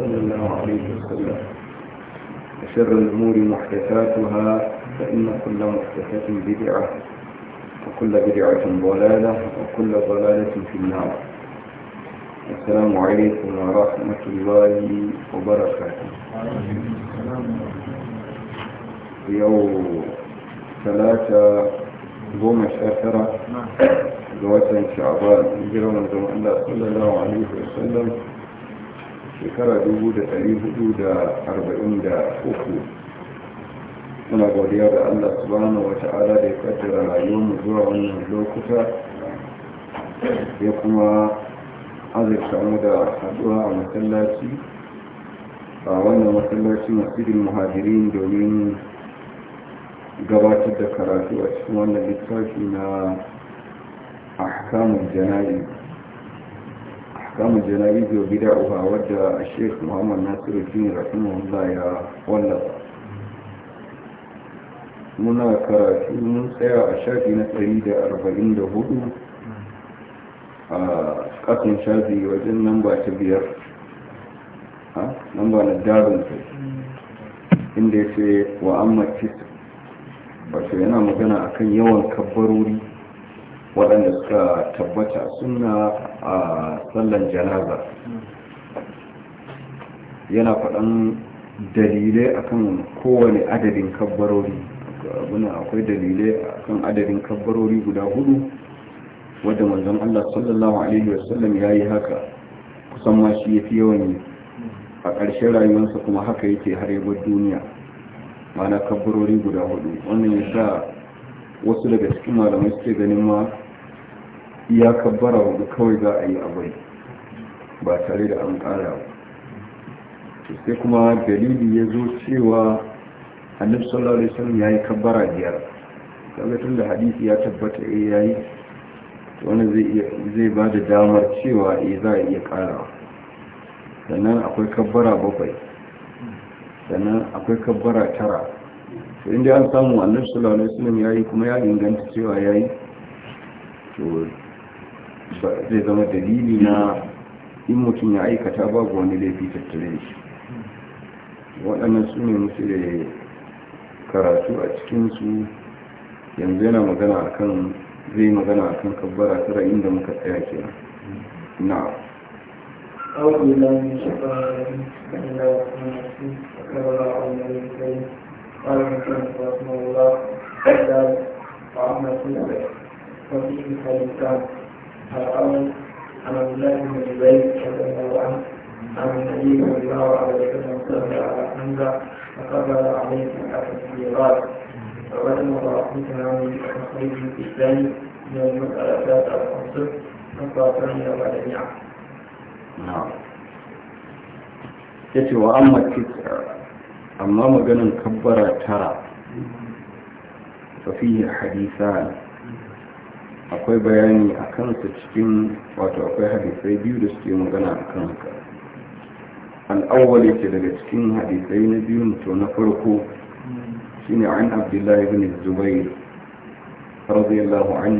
صلى الله عليه وسلم وشر الأمور محدثاتها فإن كل محدثة بدعة وكل بدعة ضلالة وكل ضلالة في النار السلام عليكم ورحمة الله وبركاته يوم ثلاثة يوم sha tara ga watan sha'aban hijirar صلى الله عليه وسلم shekara uku muna godiya da allah subhanahu wa ta'ala da ya kaddara rayuwarmu zuwa wannan lokuta ya kuma azurta mu da haɗuwa a masallaci a wannan masallaci irin muhajirin domin gabatar da karatu a cikin wannan littafi na a ahkamul jana'i samun janabi biyu gida uba wadda a sheik muhammad nasiru jini rahimahullah ya wallafa muna karatu mun tsaya a shafi na 144 a kasin shafi wajen namba ta biyar namba na darin inda ya ce wa amma kisa wato yana magana akan yawan kabbarori waɗanda suka tabbata suna a sallan janaza yana faɗan dalilai akan kowane adadin kabbarori akwai dalilai akan adadin kabbarori guda hudu wadda manzon Allah sallallahu alaihi wasallam ya yi haka kusan ma shi ya fi yawan a ƙarshen rayuwarsa kuma haka yake har duniya mana kabbarori guda hudu wannan ya sa wasu daga cikin malamai suke ganin ma Ya kabbara wanda kawai za a yi abai ba tare da an kara ba sai kuma dalili ya zo cewa annabi sallallahu ya yi yayi kabbara biyar kaga tun da hadisi ya tabbata eh, ya yayi wani zai ba da damar cewa ya eh, za a iya kara sannan akwai kabbara bakwai sannan akwai kabbara tara to inda an samu annabi sallallahu alaihi wasallam yayi kuma ya inganta cewa yayi to zai zama dalili na in mutum ya aikata babu wani laifi tattare shi waɗannan su ne musu da karatu a cikinsu yanzu yana magana a kan zai magana a kan kabbara tara inda muka tsaya kira na قال مسلم رحمه الله وعمل في وفيه حديثان القول عن عبد الله بن جبير رضي الله عنه عن النبي صلى الله عليه وسلم صلى على حمزه فقبل عليه سبعه تكبيرات وبدل رحمتنا من تخريج الاسلام من المساله ذات العنصر نصرتين وجميعا. نعم. ya ce wa an amma maganin kabbara tara fafihe hadisa akwai bayani a kansa cikin wato akwai hadisai biyu da suke magana a kan haka al'awwal yake daga cikin hadisai na biyun to na farko shine an abdullahi ibn zubair radiyallahu an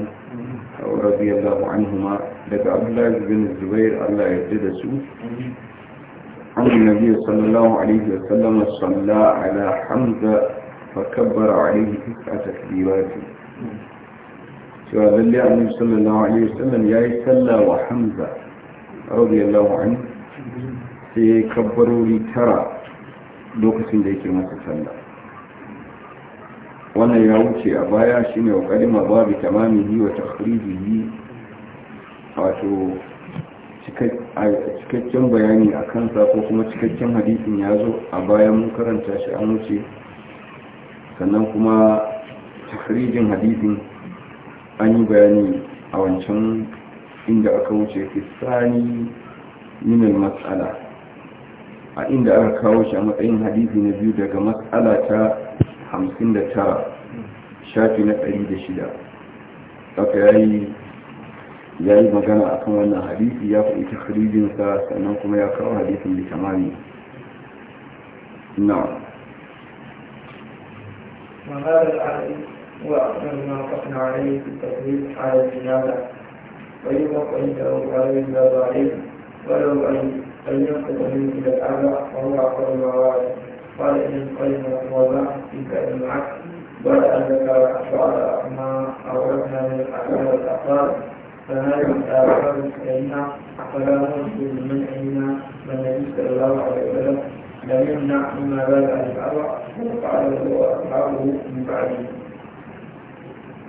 radiyallahu anhuma daga abdullahi ibn zubair Allah ya yarda da su an nabi sallallahu alaihi wa sallam salla ala hamza fa kabbara alaihi tis'a cewa lalle annabi sallallahu alaihi wasallam yayi sallah wa hamza radiyallahu anhu sai kabbarori tara lokacin da yake masa sallah wannan ya wuce a baya shine wa kalima babu tamamihi wa takhrijihi wato cikakken bayani a kansa ko kuma cikakken hadisin ya zo a bayan mun karanta shi an wuce sannan kuma takhrijin hadisin an yi bayani a wancan inda aka wuce fisani minal matsala a inda aka kawo shi a matsayin hadisi na biyu daga matsala ta 59 shafi na 106 aka yayi ya yi magana a kan wannan hadisi ya fi ita harijinsa sannan kuma ya kawo hadisin da kamari na وأكثر ما وقفنا عليه في التكليف على الجنابة ويوقف عنده على الباب عليه ولو أن أن ينقذ منه إلى الأعلى وهو أقل ما قال إن القيم رحمه الله تلك المعك بعد أن ذكر أشعار ما أورثنا من الأعمال والأقوال فهذه الآثار الكريمة فلا نرجو من عندنا النبي صلى الله عليه وسلم لم يمنع مما بلغ الأعلى وقال هو أصحابه من بعده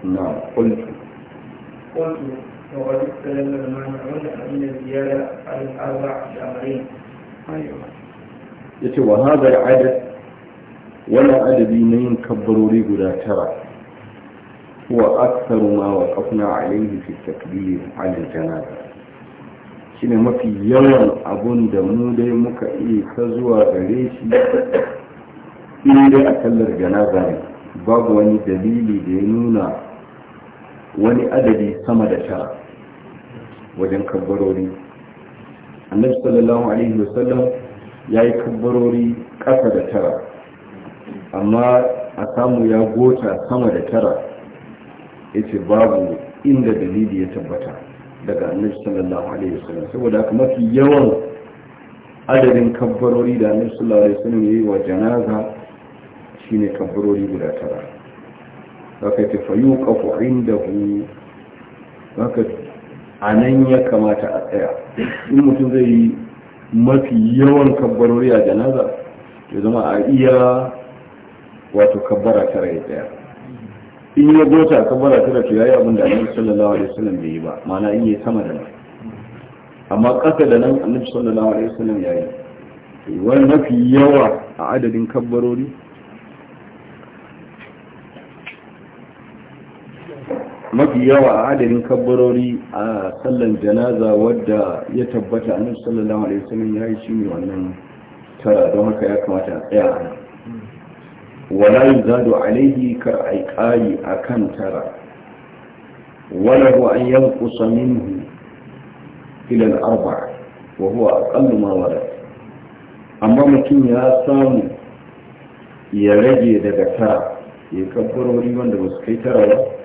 نعم قلت قلت وقد استدل الزيادة على الأربع شهرين أيوة yace wa Ya adad wani adadi na yin kabbarori guda tara huwa aksaru ma wa kafna alaihi fi takbir shine mafi yawan abun da mu dai muka iya ta zuwa gare shi in dai a kallar janaza ne babu wani dalili da ya nuna wani adadi sama da tara wajen kabbarori annabi sallallahu alaihi wasallam ya yi kabbarori ƙasa da tara amma a samu ya gota sama da tara yace babu inda dalili ya tabbata daga annabi sallallahu alaihi wasallam saboda haka mafi yawan adadin kabbarori da annabi sallallahu alaihi wasallam yayi yi wa janaza shine kabbarori guda tara haka ce fayuqafu indahu haka anan ya kamata a tsaya in mutum zai yi mafi yawan kabbarori a janaza ya zama a iya wato kabbara tara ya tsaya in ya gota kabbara tara to yayi abin da Annabi sallallahu alaihi wasallam bai yi ba ma'ana in yi sama da nan amma kasa da nan Annabi sallallahu alaihi wasallam yayi wani mafi yawa a adadin kabbarori mafi yawa adadin kabbarori a sallan janaza wadda ya tabbata annabi sallallahu alaihi wasallam ya yi shi wannan tara don haka ya kamata a tsaya a wala yuzadu alaihi kar ai kari akan tara wala hu an yanqusa minhu ila al-arba' wa huwa aqallu ma warad amma mutum ya samu ya rage daga tara ya kabbarori wanda ba su kai tara ba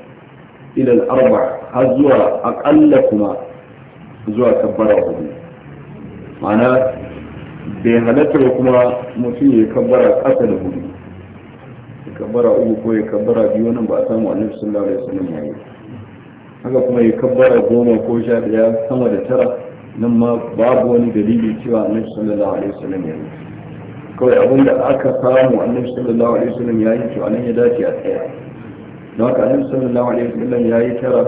ila al-arba har zuwa akalla kuma zuwa kabbara hudu ma'ana bai halatta kuma mutum ya kabbara ƙasa da hudu ya kabbara uku ko ya kabbara biyu nan ba a samu annabi sallallahu alaihi wasallam yayi haka kuma ya kabbara goma ko sha daya sama da tara nan ma babu wani dalili cewa annabi sallallahu alaihi wasallam yi kawai abinda aka samu annabi sallallahu alaihi wasallam yi to anan ya dace a tsaya don haka annabi sallallahu alaihi wasallam ya yi tara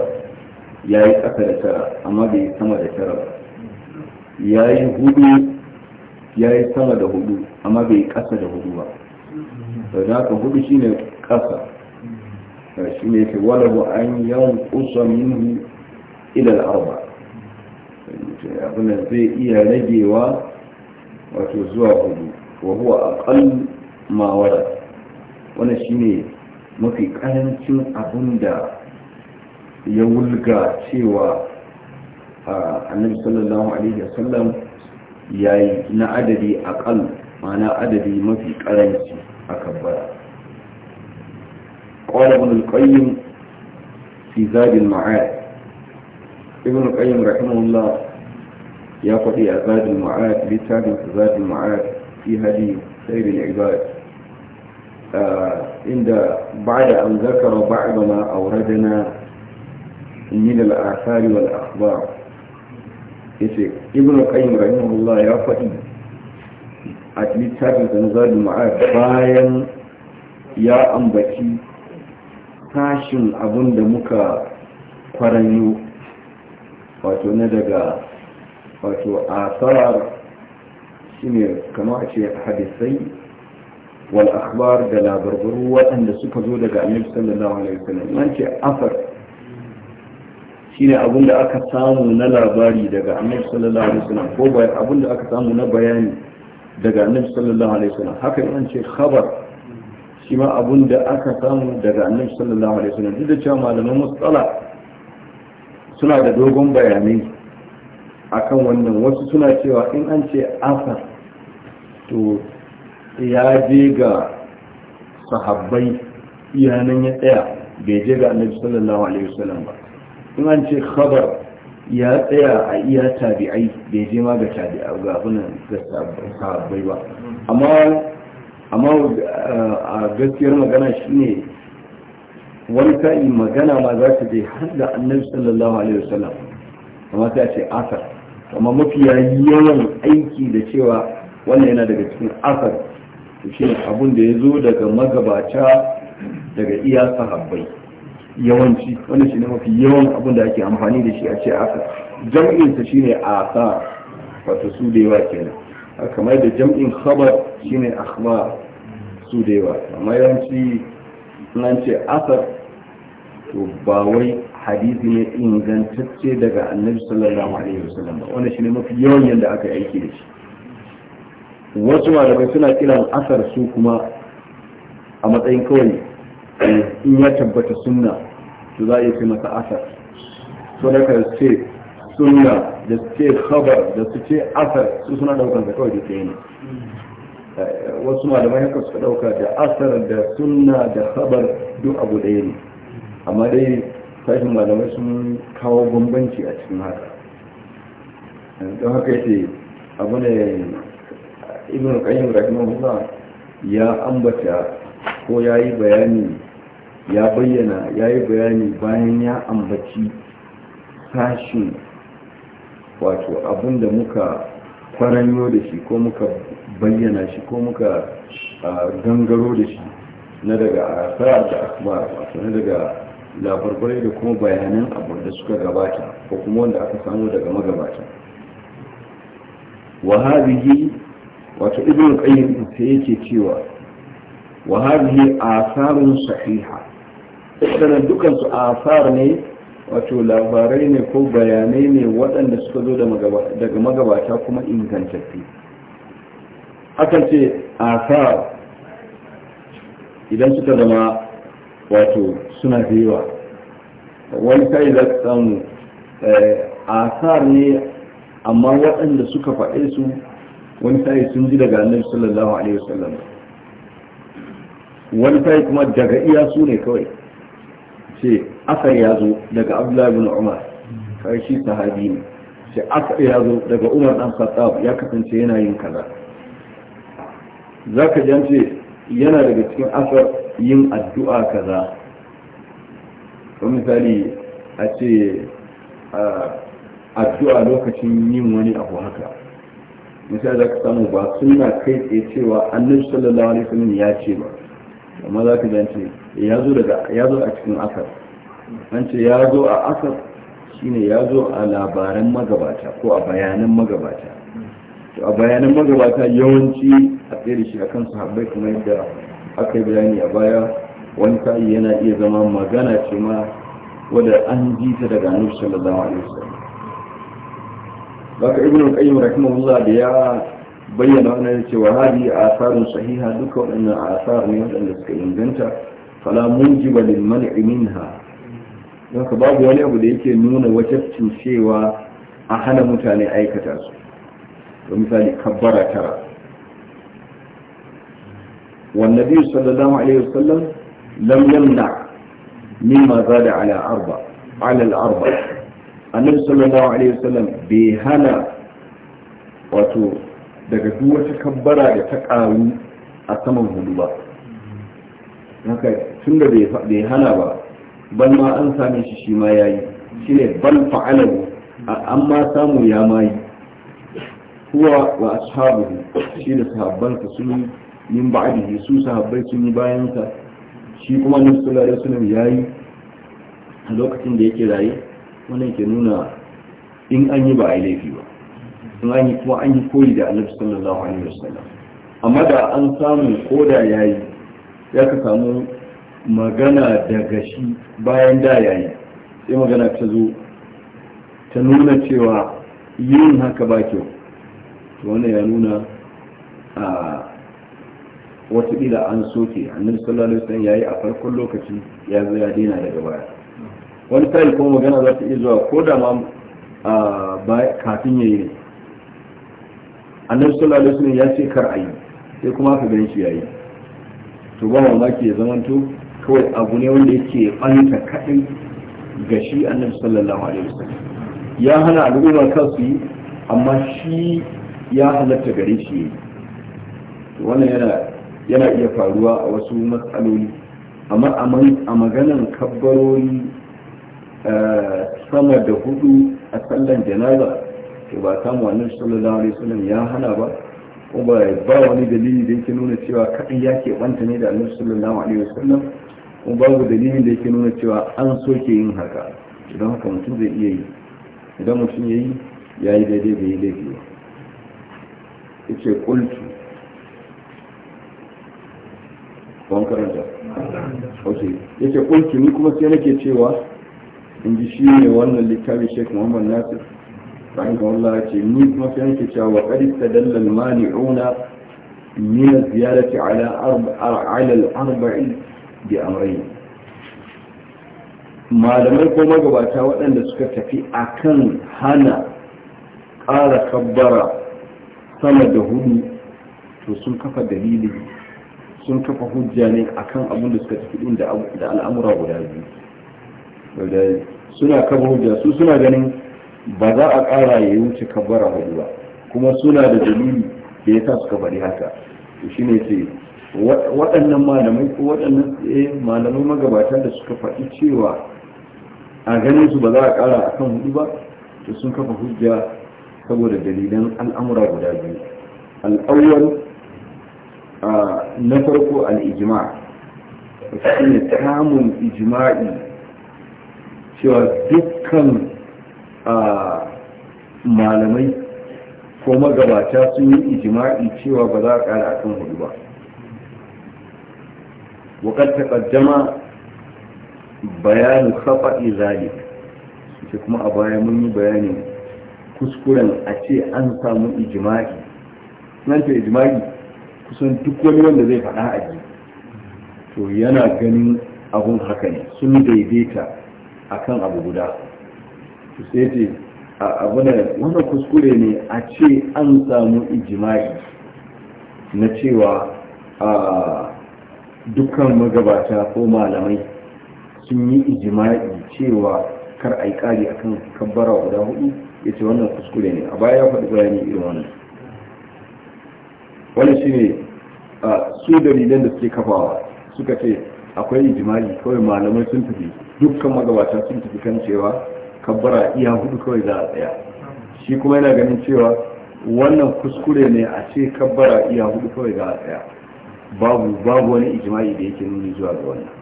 ya yi tsaka da tara amma bai sama da tara ba ya yi hudu ya yi sama da hudu amma bai kasa da hudu ba da haka hudu shi ne ƙasa shi ne ke walahu an yawon kusa minhu ilal arba abin da zai iya ragewa wato zuwa hudu wa huwa aqall ma wara wannan shine mafi karancin abun da ya wulga cewa annabi sallallahu alaihi wasallam ya yi na adadi akal mana adadi mafi karanci a kabbara قال ابن القيم في زاد المعاد ابن القيم رحمه الله يقضي زاد المعاد لتابع زاد المعاد في هدي خير ibad. inda bada an zakara ba'da ma auradana min al-athar wal akhbar yace ibnu qayyim rahimahullah ya faɗi a littafin da ma'ad bayan ya ambaci tashin abin da muka kwaranyo wato na daga wato asar shine kamar a ce hadisai wal akhbar da labarbaru waɗanda suka zo daga annabi sallallahu alaihi wasallam nan ce afar shine abin da aka samu na labari daga annabi sallallahu alaihi wasallam ko bayan abin da aka samu na bayani daga annabi sallallahu alaihi wasallam haka nan ce khabar shi ma abin da aka samu daga annabi sallallahu alaihi wasallam duk da cewa malaman musala suna da dogon bayanai akan wannan wasu suna cewa in an ce afar to ya je ga sahabbai iyanan ya tsaya bai je ga annabi sallallahu alaihi wasallam ba in an ce khabar ya tsaya a iya tabi'ai bai je ma ga tabi'a ga abunan ga sahabbai ba amma amma a gaskiyar magana shine wani ka'i magana ma za ta je har da annabi sallallahu alaihi wasallam amma sai ce asar amma mafiya yawan aiki da cewa wannan yana daga cikin asar shi abun da ya zo daga magabata daga iya sahabbai yawanci wanda shi ne mafi yawan abun da ake amfani da shi a ce aka jam'insa shi ne asa wato su da yawa kenan kamar da jam'in khabar shi ne akhbar su da yawa amma yawanci nan ce asar to ba wai hadisi ne ingantacce daga annabi sallallahu alaihi wasallam ba wanda shi ne mafi yawan yadda aka aiki da shi wasu malamai suna kiran asar su kuma a matsayin kawai eh, in ya tabbata sunna to za a iya masa asar so da ka ce sunna da su ce khabar da su ce asar su suna daukan da kawai da ke ne eh, wasu malamai haka suka dauka da asar da sunna da khabar duk abu ɗaya ne amma dai sashin malamai sun kawo bambanci a cikin haka eh, don haka yake abu ne ibn qayyim rahimahullah ya ambata ko yayi bayani ya bayyana yayi bayani bayan ya ambaci sashin wato abinda muka kwaranyo da shi ko muka bayyana shi ko muka gangaro da shi na daga asarar da akbar wato na daga labarbarai da kuma bayanan abin da suka gabata ko kuma wanda aka samu daga magabata wa hadhihi wato ibn qayyim sai yake cewa wa hadhihi asarun sahiha wadannan dukan su asar ne wato labarai ne ko bayanai ne waɗanda suka zo daga magabata kuma ingantattu akan ce asar idan suka zama wato suna da yawa wani kai za samu eh, asar ne amma waɗanda suka faɗe su wani sai sun ji daga annabi sallallahu alaihi wasallam wani sai kuma daga iya su ne kawai ce asar ya zo daga abdullahi bin umar shi sahabi ne ce asar ya zo daga umar dan khattab ya kasance yana yin kaza zaka ji an ce yana daga cikin asar yin addu'a kaza kuma misali a ce addu'a lokacin yin wani abu haka misali za ka samu ba suna kai tsaye cewa annabi sallallahu alaihi wasallam ya ce ba amma za ka gance ya zo daga ya zo a cikin asar an ce ya zo a asar shine ya zo a labaran magabata ko a bayanan magabata to a bayanan magabata yawanci a tsere shi akan habbai kuma yadda aka yi bayani a baya wani sa'i yana iya zama magana ce ma wadda an ji ta daga annabi sallallahu alaihi wasallam baka ibn al-qayyim rahimahullah da ya bayyana wannan cewa hadi asarun sahiha duka waɗannan asar ne waɗanda suka inganta fala mujiba lil man'i minha don ka babu wani abu da yake nuna wajabcin cewa a hana mutane aikata su to misali kabbara tara wan nabi sallallahu alaihi wasallam lam yamna mimma zada ala arba ala al-arba annabi sallallahu alaihi wasallam bai hana wato daga duk wata kabbara da ta karu a saman hudu ba haka tun da bai hana ba ban ma an same shi shi ma yayi shine bal fa'alahu amma samu ya mayi huwa wa ashabuhu shi da sahabbansa sun min ba'dihi su sahabbai sun yi bayansa shi kuma annabi sallallahu alaihi wasallam yayi a lokacin da yake raye wannan ke nuna in an yi ba a yi laifi ba in an yi kuma an yi koyi da annabi sallallahu alaihi wasallam amma da an samu koda yayi ya ka samu magana daga shi bayan da yayi sai magana ta zo ta nuna cewa yin haka ba kyau to wannan ya nuna a wataƙila an soke annabi sallallahu alaihi wasallam yayi a farkon lokaci ya zo ya daina daga baya wani tarihi kuma magana za ta iya zuwa ko da ma kafin ya yi ne annabi sallallahu alaihi wasallam ya ce kar ayi sai kuma aka gani shi ya yi to ba mamaki ya zamanto kawai abu ne wanda yake banta kaɗai ga shi annabi sallallahu alaihi wasallam ya hana al'umma kansu yi amma shi ya halatta gare shi yi wannan yana yana iya faruwa a wasu matsaloli amma a maganan kabbarori Eh, sama da hudu a sallan janaza to ba ta wannan sallallahu alaihi wasallam ya hana ba ko ba ba wani dalili da yake nuna cewa kadai ya ke banta ne da annabi sallallahu alaihi wasallam ko babu dalilin da yake nuna cewa an soke yin haka idan haka mutum zai iya yi idan mutum ya yi ya yi daidai da yi laifi ba ya ce kultu ban karanta ok ya ce kultu ni kuma sai nake cewa in ji shi ne wannan littafi sheik muhammad nasir fa'in Allah ce ni kuma sai nake cewa wa qad tadalla maniuna min az ala al arbain bi amrayn malamai ko magabata waɗanda suka tafi akan hana ƙara kabbara sama da hudu to sun kafa dalili sun kafa hujja ne akan abin da suka tafi ɗin da al'amura guda biyu suna kaba hujja su suna ganin ba za a ƙara ya wuce kabbara hudu ba kuma suna da dalili da ya sa suka faɗi haka shi ne ce waɗannan malamai ko waɗannan tsaye eh, malamai magabata da suka faɗi cewa a ganin su ba za a ƙara a kan hudu ba to sun kafa hujja saboda dalilan al'amura guda biyu al'awwal na farko al'ijima shi ne samun ijima'i cewa dukkan malamai ko magabata sun yi ijima'i cewa ba za a ƙara akan hudu ba wakar taƙaddama bayanin kafa izali ce kuma a baya mun yi bayanin kuskuren a ce an samu ijima'i nan ta ijima'i kusan duk wani wanda zai faɗa a to yana ganin abun haka ne sun daidaita akan abu guda sai ce abu da wannan kuskure ne a ce an samu ijimai na cewa a dukkan magabata ko malamai sun yi ijimai cewa kar a yi kari akan kabbara guda hudu ya ce wannan kuskure ne a baya ya faɗi bayani irin wannan wani shine ne su dalilan da suke kafawa suka ce akwai ijimali kawai malamai sun tafi dukkan magabatan sun tafi kan cewa kabbara iya hudu kawai za a tsaya shi kuma yana ganin cewa wannan kuskure ne a ce kabbara iya hudu kawai za a tsaya babu babu wani ijimali da yake nuni zuwa ga wannan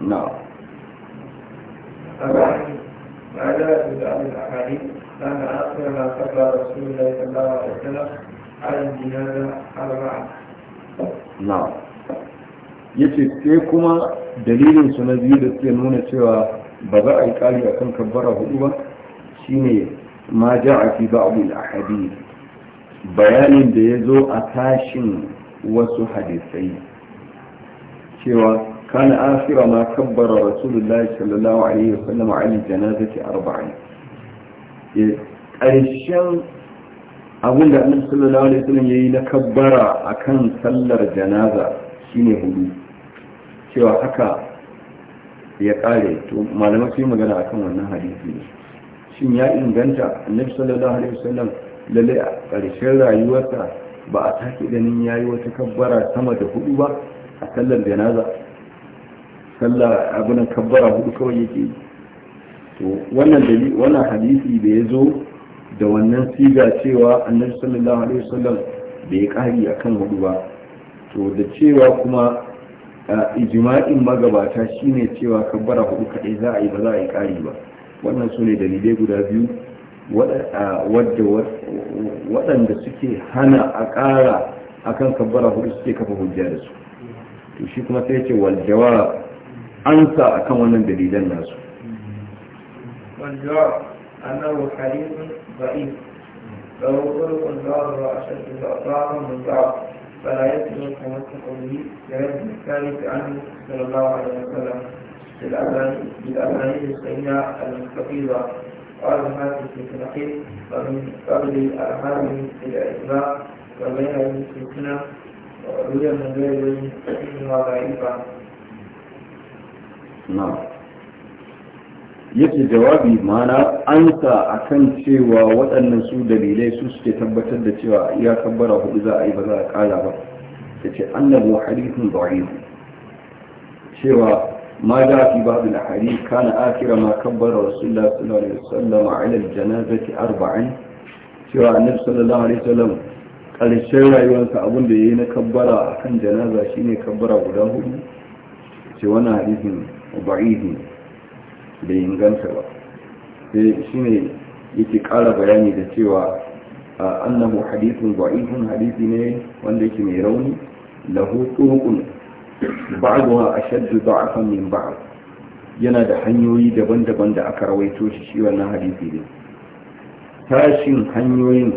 na ماذا يدعى a yace sai kuma dalilinsu na biyu da suke nuna cewa ba za a yi kali a kan kabbara hudu ba shine ma ja a fi ba'ul bayanin da ya zo a tashin wasu hadisai cewa kana asira ma kabbara rasulullahi sallallahu alaihi wasallam ali janazati arba'in ƙarshen abin da annabi sallallahu alaihi wasallam yayi na kabbara akan sallar janaza shine hudu cewa haka ya kare to malamai sun yi magana akan wannan hadisi ne shin ya inganta annabi sallallahu alaihi wasallam lalle a ƙarshen rayuwarsa ba a take ganin yayi wata kabbara sama da hudu ba a sallar janaza sallar abin kabbara hudu kawai yake yi to wannan dalili wannan hadisi da ya zo da wannan siga cewa annabi sallallahu alaihi wasallam bai kari akan hudu ba to da cewa kuma ijma'in magabata shine cewa kabbara hudu kadai za a yi ba za a yi kari ba wannan su ne dalilai guda biyu waɗanda suke hana a ƙara akan kabbara hudu suke kafa hujja da su to shi kuma sai ce wal jawab an sa akan wannan dalilan nasu wal jawab annahu hadithun da'if law qulqul ba'd wa ashaddu ba'd min ba'd فلا يتم حماس قوله لرد الثالث عنه صلى الله عليه وسلم بالأسانيد الصحيحة المستفيضة قال الحافظ في التنقيب ومن قبل الأحاد إلى الإطلاق وبين في السنة وروي من غير وجه وضعيفا نعم. yake jawabi mana an sa a kan cewa waɗannan su dalilai su suke tabbatar da cewa ya kabbara hudu za a yi ba za a ƙala ba ta ce annan wa hadithun da'if cewa ma za fi ba da hari kana akira ma kabbara rasulullah sallallahu alaihi wasallam a ilal janazaki arba'in cewa annabi sallallahu alaihi wasallam ƙarshen rayuwarsa abin da yi na kabbara kan janaza shine kabbara guda hudu ce wannan hadithin da'if da inganta ba sai eh, shi ne yake ƙara bayani da cewa annahu hadithun da'ifun hadisi ne wanda yake mai rauni lahu turuqun a ashaddu akan min ba'd yana da hanyoyi daban-daban da aka rawaito shi shi wannan hadisi ne tashin hanyoyin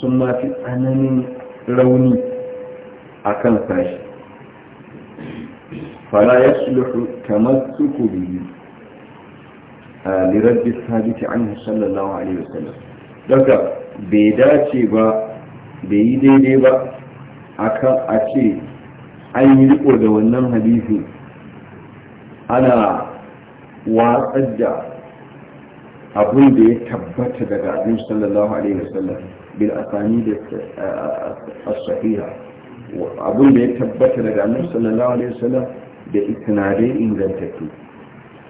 sun mafi tsananin rauni akan tashi fala yasluhu tamassuku biyu liraddi sabiti an sallallahu alaihi wasallam daga bai dace ba bai yi daidai ba akan a ce an yi riko da wannan hadisi ana watsar da abin da ya tabbata daga abin sallallahu alaihi wasallam bil asani da as-sahiha abin da ya tabbata daga annabi sallallahu alaihi wasallam da isnadai ingantattu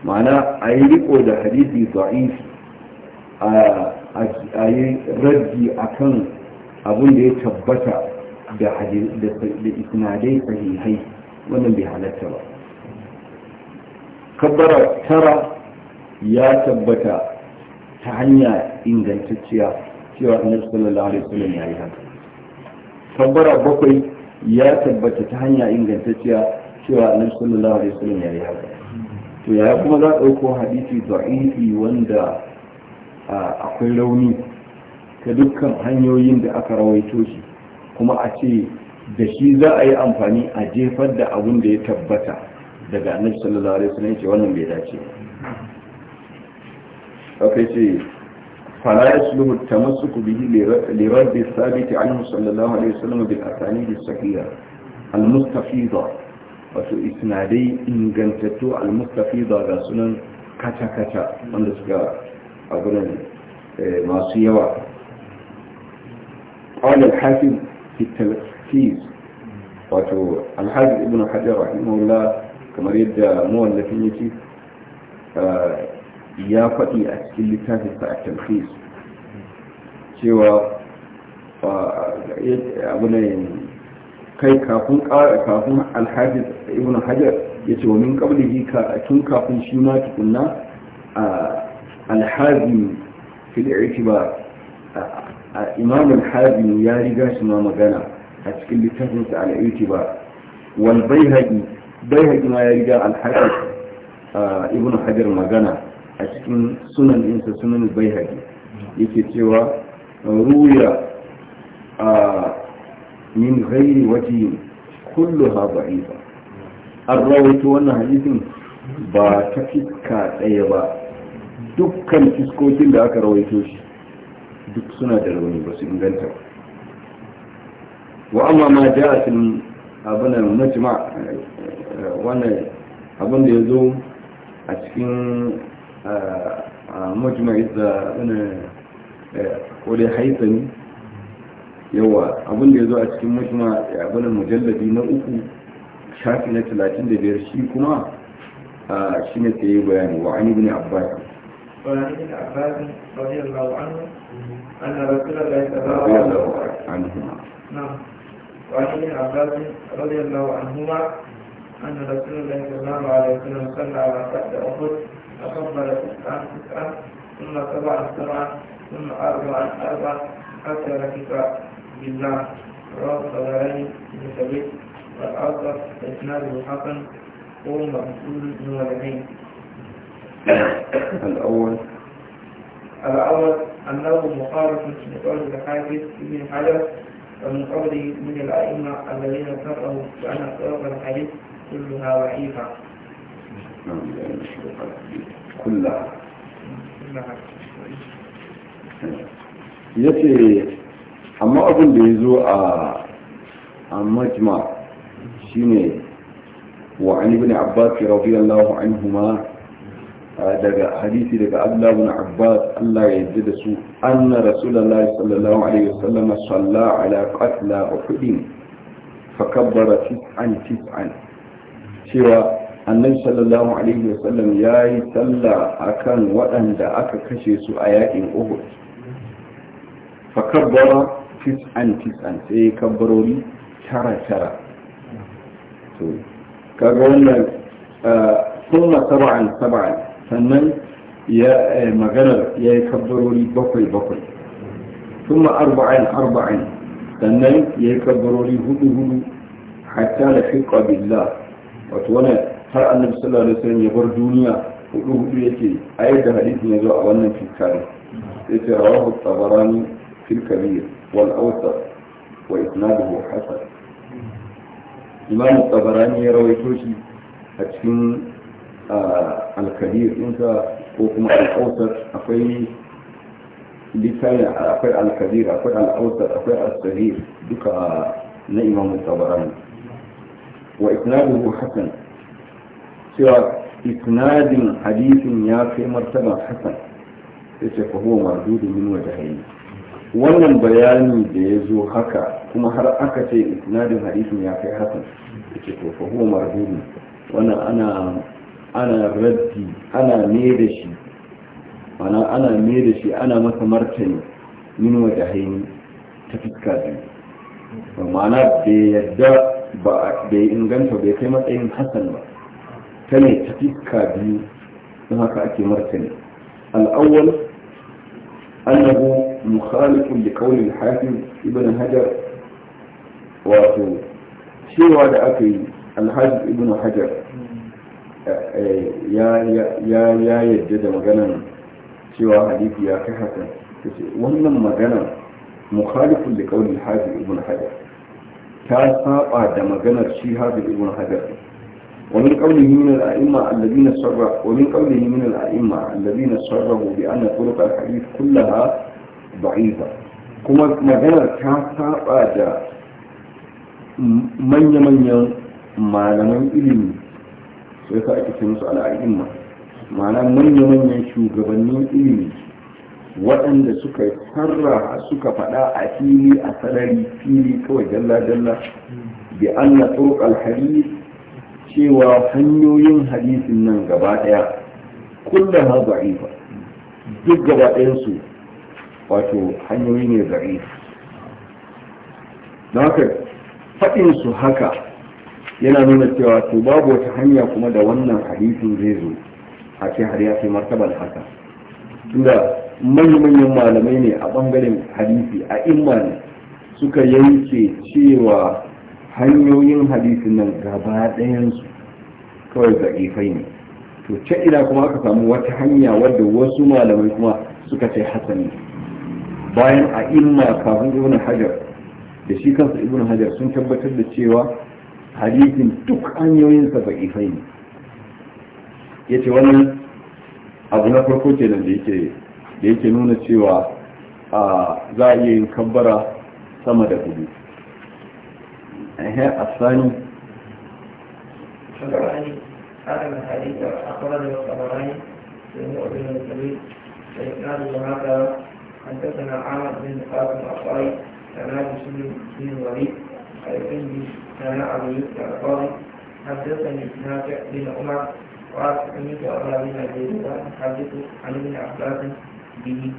ma'ana a yi riko da hadisi da'if a yi raji a kan abin da ya tabbata da isnadai sahihai wannan bai halatta ba kabbara tara ya tabbata ta hanya ingantacciya cewa annabi sallallahu alaihi wasallam ya yi haka kabbara bakwai ya tabbata ta hanya ingantacciya cewa annabi sallallahu alaihi wasallam ya yi haka to ya kuma za a ɗauko hadisi da'ifi wanda akwai rauni ta dukkan hanyoyin da aka rawaito shi kuma a ce da shi za a yi amfani a jefar da abun da ya tabbata daga annabi sallallahu alaihi wasallam ce wannan bai dace okay ce fala yasluhu at-tamassuku bihi li rabbi thabit anhu sallallahu alaihi wasallam bil asanid as-sahiha al-mustafidah wato isnadai ingantattu almustafi ba ga sunan kata-kata wanda suka abunan eh, masu yawa قال الحافظ في wato alhaji ibn hajjar rahimahullah kamar yadda mawallafin yake eh, ya faɗi a cikin littafin sa a tarfis cewa eh, abunan. kai kafin kafin alhaji ibn hajar ya ce wa min qablihi ka tun kafin shi ma tukunna alhazi fil a imam alhaji ya riga shi ma magana a cikin littafin sa al-i'tibar wal bayhaqi bayhaqi ma ya riga alhaji ibn hajar magana a cikin sunan insa sunan bayhaqi yake cewa ruya min ghairi waji kulluha da'ifa an rawaito wannan hadisin ba ta fiska ɗaya ba dukkan fiskokin da aka rawaito shi duk suna da rauni ba su inganta ba wa amma ma ja sun abinan wannan abin da ya zo a cikin majima isa abinan eh, kodai yawa abin da ya zo a cikin mashima ya abinan mujallabi na uku shafi na 35 shi kuma a shi ne ta وعن ابن عباس رضي الله عنهما أن رسول الله صلى الله عليه وسلم صلى على تحت أحد فكبر تسعا تسعا ثم سبعا سبعا ثم أربعا أربعا حتى ركبا بالنار رواه الطبراني بن ثابت والأوقف إسناده حسن هو مقصود من ولدين الأول الأول أنه مخالف لقول الحافظ ابن حجر ومن قبله من الأئمة الذين كفروا بأن طرق الحديث كلها ضعيفة نعم، كلها كلها yace amma abin da ya zo a majma shine wa an ibn abbas radiyallahu anhuma daga hadisi daga abdullah ibn abbas Allah ya yarda da su anna rasulullahi sallallahu alaihi wasallam salla ala qatla ukhudin fakabbara tis'an tis'an cewa annabi sallallahu alaihi wasallam yayi salla akan waɗanda aka kashe su a yakin uhud fakabbara تسعن تسعن سي إيه، كبروني ترى ترى كبرونا كل آه، سبعا سبعا سنن يا آه، مغرر يا كبروني بقل بقل ثم أربعا أربعا سنن يا كبروني هدو هدو حتى لحق بالله وتوانا ترى النبي صلى الله عليه وسلم يغر دنيا هدو هدو يتي أيد حديث نزوء في الكاري يتي رواه الطبراني في الكبير والأوسط وإسناده حسن إمام الطبراني يروي توشي أتشين آه، الكبير أنت وكما الأوسط أقوي لسان أقوي الكبير أقوي الأوسط أقوي الصغير دكا نإمام الطبراني وإسناده حسن سوى إسناد حديث يا في مرتبة حسن فهو مردود من وجهين wannan bayani da ya zo haka kuma har aka ce isnadin hadisin ya kai hasan da ke fa huwa wannan ana raddi ana ne da shi ana ana ne da shi ana masa martani min haini ta fuska biyu ma'ana da yadda ba ya inganta bai kai matsayin Hassan ba ta ne ta fuska biyu don haka ake martani al'awwal أنه مخالف لقول الحاكم ابن حجر وأقول شو هذا أكي الحاج ابن حجر يا يا يا يا جد شو حديث يا كحة وهم مجانا مخالف لقول الحاج ابن حجر كان صعب مجانا شيء هذا ابن حجر ومن قوله من الأئمة الذين صرف ومن قوله من الأئمة الذين صرفوا بأن طرق الحديث كلها ضعيفة كما مجانا كاسا باجا من يمن يم ما لمن إلمي سيسا أكتنس على أئمة ما لمن يمن يشو غبنين إلمي waɗanda suka sarraha suka faɗa a fili a sarari fili kawai dalla-dalla bi an na turuk alhadith cewa hanyoyin hadisin nan gaba daya kullum ha za'ifa duk gaba ɗayansu wato hanyoyi ne za'if da haka faɗinsu haka yana nuna cewa to babu wata hanya kuma da wannan hadisin zai zo a ce har ya kai martabar haka tunda manya-manyan malamai ne a ɓangaren hadisi a imma suka yanke cewa hanyoyin hadisin nan gaba ɗayan su kawai ifai ne to ce ina kuma aka samu wata hanya wadda wasu malamai kuma suka ce hasani bayan a imma kafin ibn hajar da shi kansa ibn hajar sun tabbatar da cewa hadisin duk hanyoyinsa ifai ne yace wannan abu na farko kenan da yake da yake nuna cewa za a iya yin kabbara sama da hudu الثاني الثاني هذا الحديث أخرجه في الكبير حدثنا عامر بن خالد الأنصاري سماه مسلم بن الوليد الهندي سماه أبو يوسف القاضي حدثني نافع بن عمر قال سمعت أبا بن أبي حدث عن ابن عباس به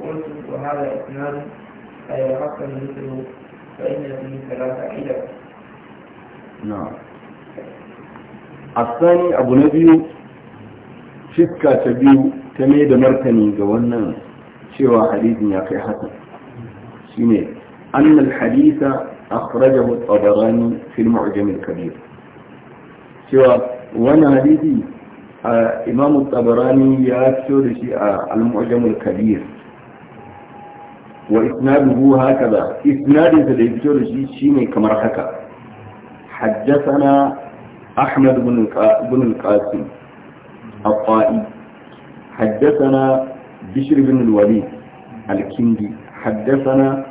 قلت وهذا إسناد أي حق مثله a tsani abu na biyu fiska ta biyu ta mai da martani ga wannan cewa hadisin ya kai haka shine annal hadisa a kurajahu tsabarani filmu ajiyar kabir cewa wannan hadisi a imamu tsabarani ya fito da shi a al-mu'jamul kabir وإسناده هكذا إسناد الإبتولوجي شيني كما حكى حدثنا أحمد بن القاسم الطائي حدثنا بشر بن الوليد الكندي حدثنا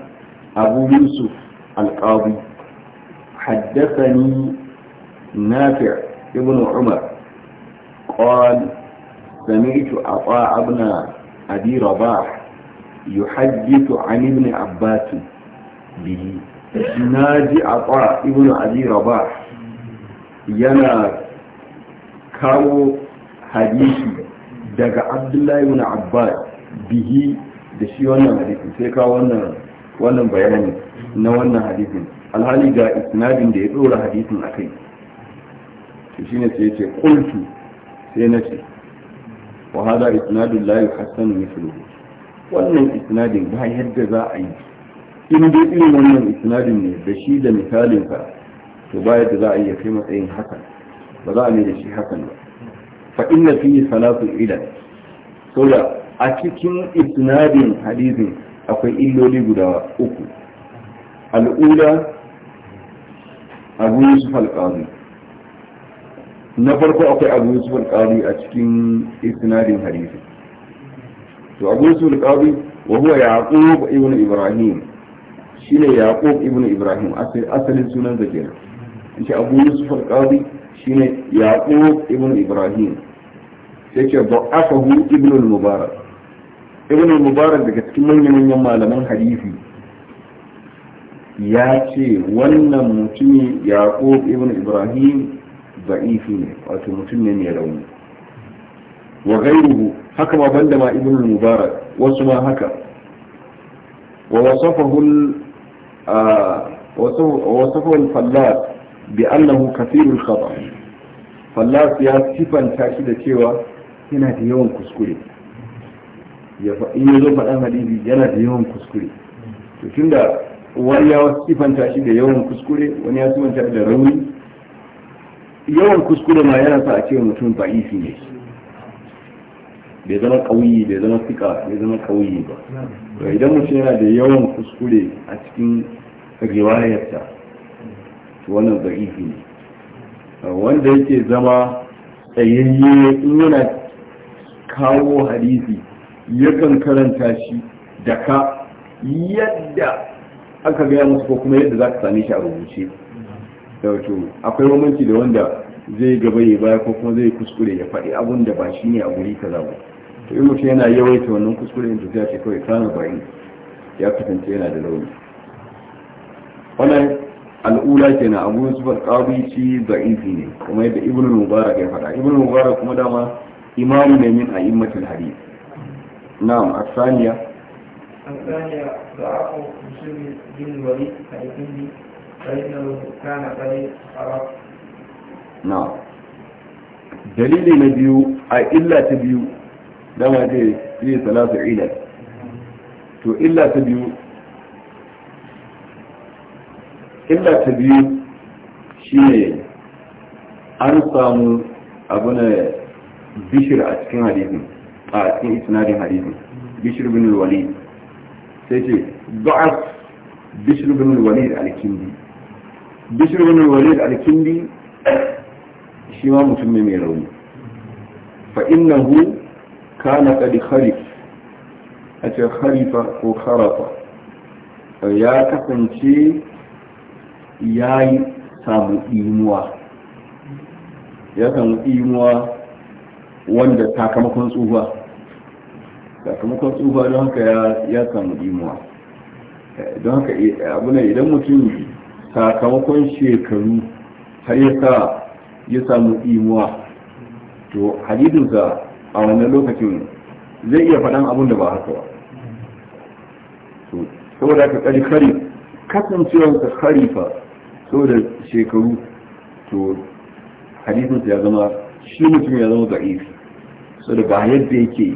أبو يوسف القاضي حدثني نافع ابن عمر قال سمعت عطاء بن أبي رباح yuhaddithu an ibn abbas bihi naji aqwa ibn abi rabah yana kawo hadisi daga abdullahi ibn abbas bihi da shi wannan hadisi sai kawo wannan wannan bayani na wannan hadisin alhali ga isnadin da ya dora hadisin akai to shine sai yace qultu sai nace wa hada isnadun la yuhassanu mithluhu wannan isnadin ba yadda za a yi in dai irin wannan isnadin ne da shi da misalin ka to ba yadda za a yi ya kai matsayin haka ba za a ne da shi haka ne fa inna fi salatu idan saboda a cikin isnadin hadisin akwai illoli guda uku al'ula abu yusuf al-qadi na farko akwai abu yusuf al-qadi a cikin isnadin hadisin to abin su alƙabi wa huwa yaqub Ibnu ibrahim shine yaqub ibn ibrahim asalin sunan sa kenan shi abu yusuf alƙabi shine yaqub ibn ibrahim sai ce da'afahu ibn al-mubarak ibn mubarak daga cikin manyan manyan malaman hadisi ya ce wannan mutumi yaqub ibn ibrahim da'ifi ne wato mutum ne mai rauni wa ghayruhu haka ma banda ma ibn mubarak wasu ma haka wa wasafahu wasafahu al-fallas bi annahu kathirul khata fallas ya sifanta shi da cewa yana da yawan kuskure ya in yazo faɗan hadisi yana da yawan kuskure to tunda wani ya sifanta shi da yawan kuskure wani ya sifanta da rauni yawan kuskure ma yana sa a ce mutum ba'ifi ne bai zama kauyi bai zama fika bai zama kauyi ba to idan mutum yana da yawan kuskure a cikin riwayarta to wannan zarifi ne wanda yake zama tsayayye in yana kawo hadisi yakan karanta shi da ka yadda aka gaya musu ko kuma yadda za ka same shi a rubuce wato akwai romanci da wanda zai gaba ya baya ko kuma zai kuskure ya faɗi abun da ba shi ne a guri kaza ba to in mutum yana yawaita wannan kuskure in tafiya ce kawai kama bayan ya kasance yana da launi wannan al'ula ke na abu su farkawi ci da izi ne kuma yadda ibn mubarak ya faɗa ibn mubarak kuma dama imamu ne min a immatul hari na'am asaniya الثانية a مسلم بن الوليد الهندي فإنه كان قد عرف na biyu a illa ta biyu. dama ce fiye salatu ilal to illa ta biyu illa ta biyu shi ne an samu abu na bishir a cikin hadisin a cikin isnadin hadisin bishir bin walid sai ce ba'as bishir bin walid al-kindi bishir bin walid al-kindi shi ma mutum ne mai rauni fa innahu kana kadi kharif a ce kharifa ko kharafa ya kasance ya yi samu imuwa ya samu imuwa wanda sakamakon tsufa sakamakon tsufa don haka ya samu imuwa don haka eh, abuna idan mutum sakamakon shekaru har ya sa ya samu imuwa to hadidinsa a wannan lokacin zai iya faɗan abin da ba haka ba saboda ka ƙari kari kasancewar ka fa saboda shekaru to hadisinsa ya zama shi mutum ya zama za'ifi saboda ba yadda yake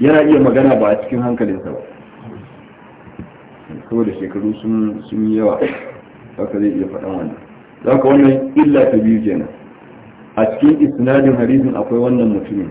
yana iya magana ba a cikin hankalinsa ba saboda shekaru sun yi yawa haka zai iya faɗan wannan za ka wannan illa ta biyu kenan a cikin isnadin hadisin akwai wannan mutumin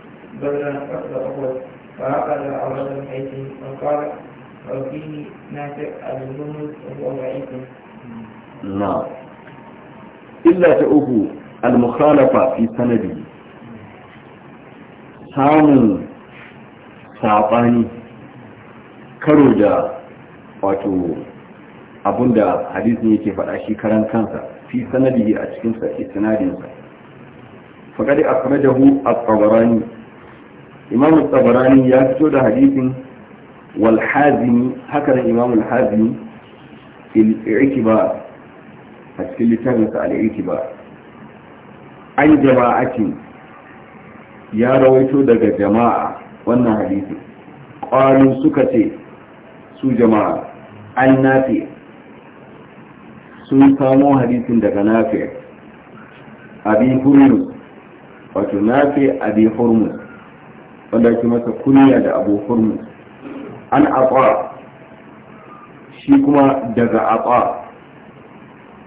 بدلا قصد أول فعقد عرض الحيث وقال وفيه نافع الجنود وهو ضعيف نعم إلا تأوه المخالفة في سندي samun saɓani karo da wato abinda hadisin yake faɗa shi karan kansa fi sanadihi a cikinsa itinadinsa faƙaɗi a kare da hu a tsabarani imam tabarani ya fito da hadisin wal hazimi haka nan imam al hazimi fil ikiba a cikin littafin sa al ikiba an jama'atin ya rawaito daga jama'a wannan hadisi qalu suka ce su jama'a an nafi sun samo hadisin daga nafi abi hurmus wato nafi abi hurmus wanda ake masa kunya da abu hurmus an aqwa shi kuma daga aqwa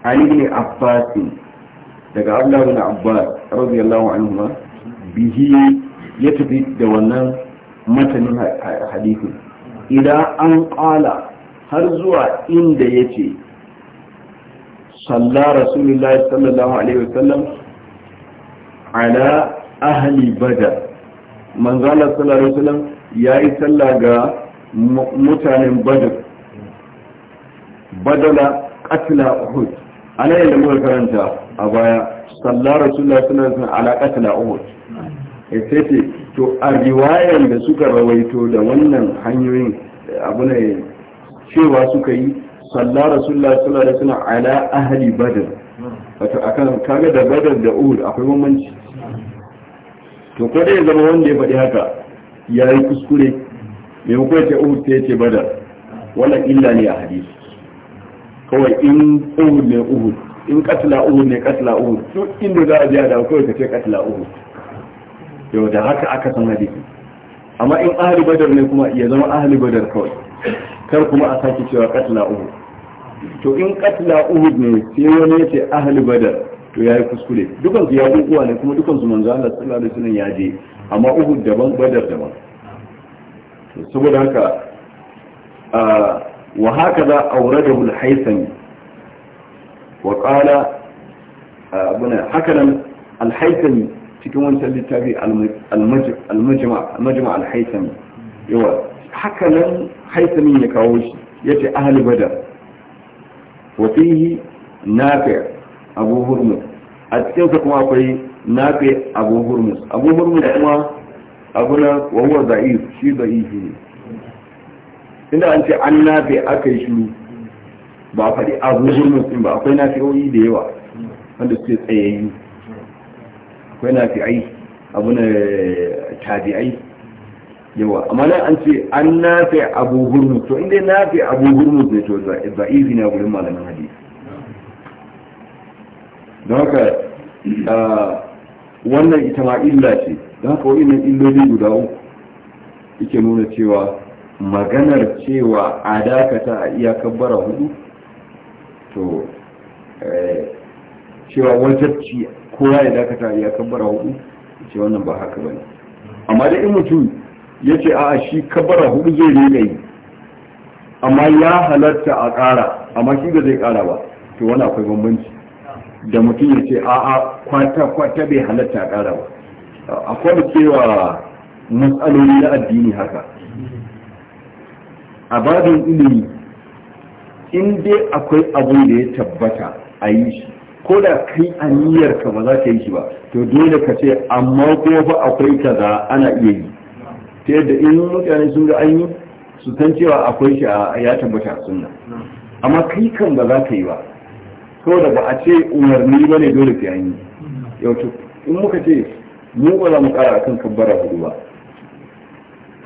ali ibn abbas daga abdullahi ibn abbas radiyallahu anhu bihi ya tafi da wannan matanin hadisin idan an ƙala har zuwa inda ya ce salla rasulullahi sallallahu alaihi wasallam ala ahli badar manzala sallallahu alaihi wasallam yayi sallah ga mutanen badr badala qatla uhud ana yadda muka karanta a baya sallar rasulullah sallallahu alaihi wasallam ala qatla uhud eh, sai to a riwayar da suka rawaito da wannan hanyoyin abu ne cewa suka yi sallar rasulullah sallallahu alaihi wasallam ala ahli badr wato akan kaga da badr da uhud akwai bambanci to ko dai zama wanda ya faɗi haka ya yi kuskure mai ko ce uhud sai ce badar wannan illa ne a hadisi kawai in uhud ne uhud in katila uhud ne katila uhud duk inda za a je da kawai ka ce katila uhud yau da haka aka san hadisi amma in ahli badar ne kuma ya zama ahli badar kawai kar kuma a sake cewa katila uhud to in katila uhud ne sai wani ya ce ahli badar to ya yi kuskure dukansu ya guguwa ne kuma dukansu manzo Allah sallallahu alaihi wasallam ya je amma Uhud daban Badar daban saboda haka wa hakaza awradahu al-haythami wa qala abuna hakanan al-haythami cikin wancan littafi al-majma' al-haythami yawa hakanan haythami ya kawo shi yace ahli badar wa fihi nafi' abu hurmus a cikinsa kuma akwai nafe abu hurmus abu hurmus kuma abu na wawar za'if shi za'ifi ne inda an ce an nafe aka yi shi ba faɗi abu hurmus ɗin ba akwai oyi da yawa wanda suke tsayayyu akwai ai abu na eh, tabi'ai yawa amma nan an ce an nafe abu hurmus to inda nafe abu hurmus ne to za'ifi ne a gurin malamin hadisi don haka wannan ita ma illa ce don haka wa'innan illoli guda uku yake nuna cewa maganar cewa a dakata a iyakar bara hudu to eh, cewa wajabci kowa ya dakata a iyakar bara hudu ce wannan ba haka ba ne amma da in mutum ya ce a shi kabara hudu zai rena yi amma ya halatta a ƙara amma shi ba zai ƙara ba to wani akwai bambanci da mutum ya ce a'a kwata kwata bai halatta a ƙara ba akwai cewa matsaloli na addini haka a babin ilimi in dai akwai abu da ya tabbata a yi shi ko da kai aniyar ka ba za ka yi shi ba to dole ka ce amma ko ba akwai kaza ana iya yi ta yadda in mutane sun ga an yi su san cewa akwai shi a ya tabbata a sunna amma kai kan ba za ka yi ba saboda ba a ce umarni ba ne dole ta yi yau in muka ce mu ba za mu kara kan kabbara hudu ba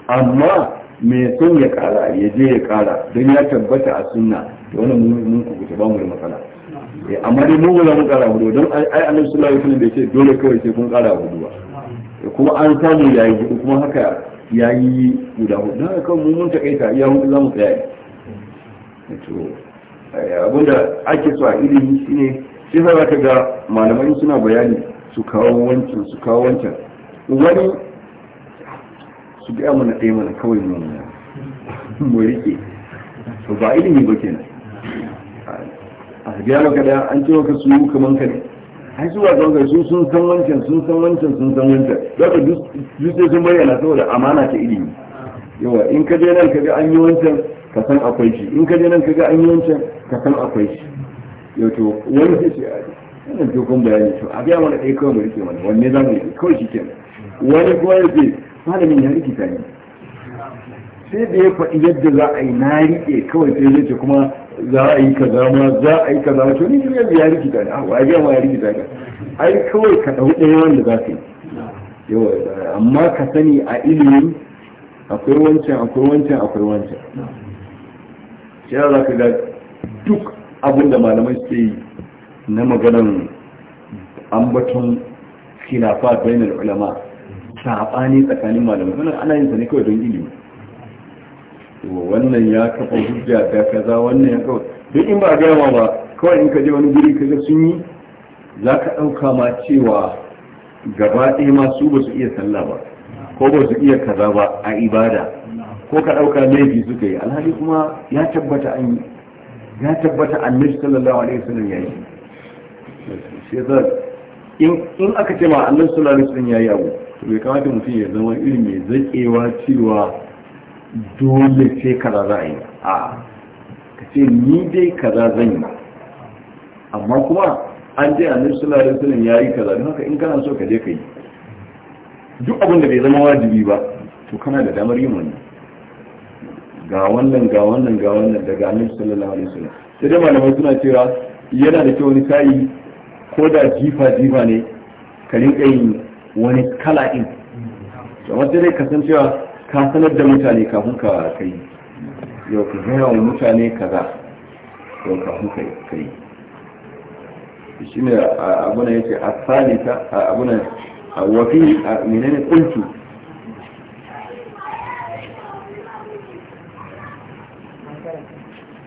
amma mai son ya kara ya je ya kara don ya tabbata a sunna da wani mun kubuta ba mu da matsala eh, amma dai mu za mu kara hudu don ai annabi sallallahu alaihi wasallam bai ce dole kawai sai kun kara hudu ba eh, kuma an samu yayi hudu kuma haka yayi guda hudu haka kan mu mun takaita ya hudu zamu tsaya eh, to Eh, abinda ake so a ilimi shine sai za ka ga malamai suna bayani su kawo wancan su kawo wancan wani su gaya mana ɗaya mana kawai mu rike to ba ilimi ba kenan a ya maka da an ce maka su kaman ka ne ai su wasan kai su sun san wancan sun san wancan sun san wancan za ka duk sai sun bayyana saboda amana ta ilimi yawa in ka je nan ka ga an yi wancan ka san akwai shi in ka je nan ka ga an yi wancan ka san akwai shi yau to wani sai shi wannan kun bayani to a biya mana ɗaya kawai mu rike mana wanne za mu yi kawai shi kenan wani kuma ya ce malamin ya rikita ne sai da ya faɗi yadda za a yi na riƙe kawai sai zai ce kuma za a yi kaza ma za a yi kaza to ni ne ya rikita ne a wa ya ma ya rikita ka ai kawai ka ɗau ɗaya wanda za ka yi yawa amma ka sani a ilimi akwai wancan akwai wancan akwai wancan ya za ka ga duk abin da malamai suke yi na maganan ambaton khilafa bainar ulama saɓani tsakanin malamai wannan ana yin sa ne kawai don ilimi wannan ya kafa hujja da kaza wannan ya kafa duk in ba gaya ba kawai in ka je wani guri kaga sun yi za ka ɗauka ma cewa gaba ɗaya ma su ba su iya sallah ba ko ba su iya kaza ba a ibada ko ka ɗauka laifi suka yi alhali kuma ya tabbata an yi ya tabbata annabi sallallahu alaihi wasallam ya yi in aka ce ma annabi sallallahu alaihi wasallam ya yi abu to bai kamata mutum ya zama irin mai zakewa cewa dole sai kaza za a yi a ka ce ni dai kaza zan yi amma kuma an je annabi sallallahu alaihi wasallam ya yi kaza don haka in kana so ka je ka yi duk abin da bai zama wajibi ba to kana da damar yin wannan ga wannan ga wannan ga wannan daga annabi sallallahu alaihi wasallam sai dai malamai suna cewa yana da kyau wani sa'i ko da jifa jifa ne ka rinka yin wani kala din to wanda dai kasancewa ka sanar da mutane kafin ka kai yau ka gaya wa mutane kaza to kafin ka kai shi ne abuna yace asalita abuna wafi menene kuntu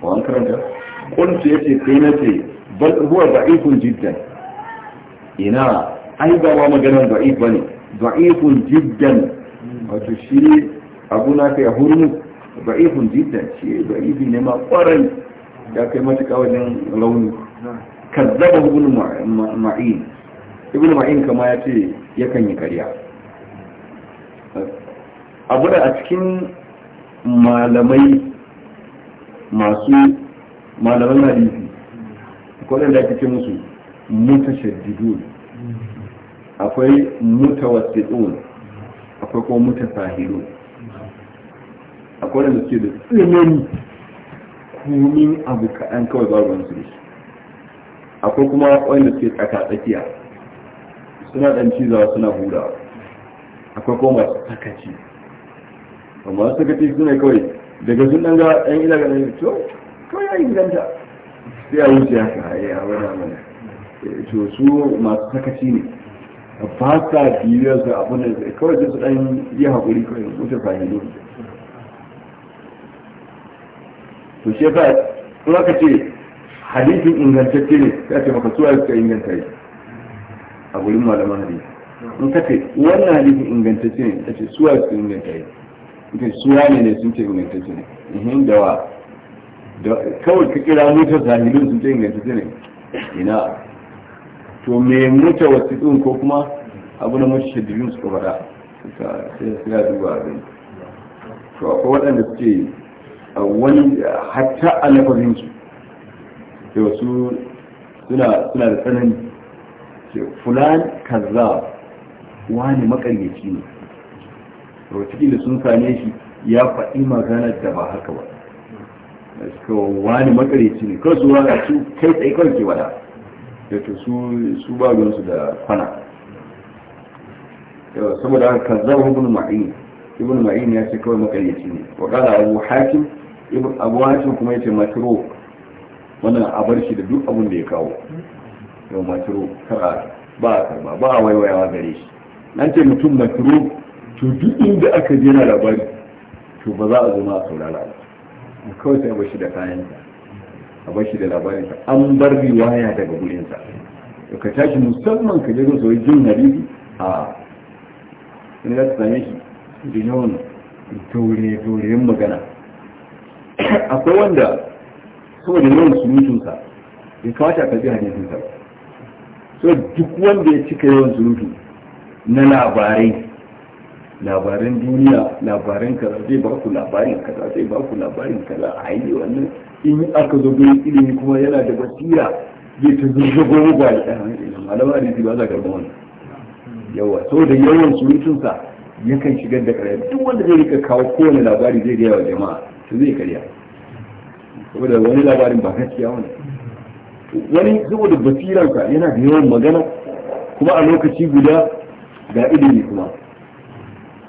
wa an karanta kai nace bal huwa da'ifun jiddan ina ai ba maganar da'if bane da'ifun jiddan wato shi abu na kai hurmu da'ifun jiddan shi da'ifi ne ma kwarai ya kai matuƙa wajen launi kazzaba ibn ma'in ibn ma'in kama ya ce yakan yi karya abu da a cikin malamai masu malaman hadisi kwanan da ake ce musu mutashaddidun akwai mutawassitun akwai kuma mutasahirun akwai wanda suke da tsinani kumin abu kaɗan kawai ba ruwan su akwai kuma wanda suke tsaka tsakiya suna ɗan cizawa suna hurawa akwai kuma masu sakaci amma sakaci suna kawai daga sun ɗan ga ɗan ila ga nan to kawai ya inganta sai a wuce ya ka eh, a wada mana eh, to su masu sakaci ne ba sa biyar su abin da kawai su ɗan yi haƙuri kawai wuce fahimu to shi yasa ka ce hadisin ingantacce ne ya ce maka suwa suka inganta yi a gurin malaman hadisi in ka ce wannan hadisin ingantacce ne ta ce suwa suka inganta yi suna ne ne sun ce ingantacce ne ihin mhm, da wa kawai ka kira mutar zahilun sun ce ingantacce ne ina to me mutar wasu ɗin ko kuma abu na mutu mashi shaddidun suka faɗa sai ya duba abin to akwai waɗanda suke wani hatta a lafafinsu da wasu suna da tsanani fulan kaza wani makaryaci ne wataƙila sun same shi ya faɗi maganar da ba haka ba suka wani makarici ne kawai su wani su kai tsaye kawai ke wada da ta su ba su da kwana saboda haka zama ibn ma'in ibn ma'in ya ce kawai makarici ne wa kala abu hakim ibn abu hakim kuma ce matro wannan a bar shi da duk abin da ya kawo yau matro kara ba a karba ba a waiwaya gare shi nan ce mutum matro to duk inda aka je na labari to ba za a zama a saurara ba kawai sai bashi da kayansa a bashi da labarinsa an bar riwaya daga gurinsa ka tashi musamman ka je zuwa jin hadisi a in za ta same shi da yawan dore yin magana akwai wanda saboda yawan surutunsa ya kawata ka ji hadisinsa so duk wanda ya cika yawan surutu na labarai labaran duniya labaran kaza zai ba ku labarin kaza zai ba ku labarin kaza a yi wannan in aka zo gurin ilimi kuma yana da basira zai ta zuzzago ruba ya ɗan malama ba za ka wani yawa so da yawan surutunsa yakan shigar da karya duk wanda zai rika kawo kowane labari zai gaya wa jama'a to zai karya saboda wani labarin ba gaskiya wani wani saboda basiransa yana da yawan magana kuma a lokaci guda ga ilimi kuma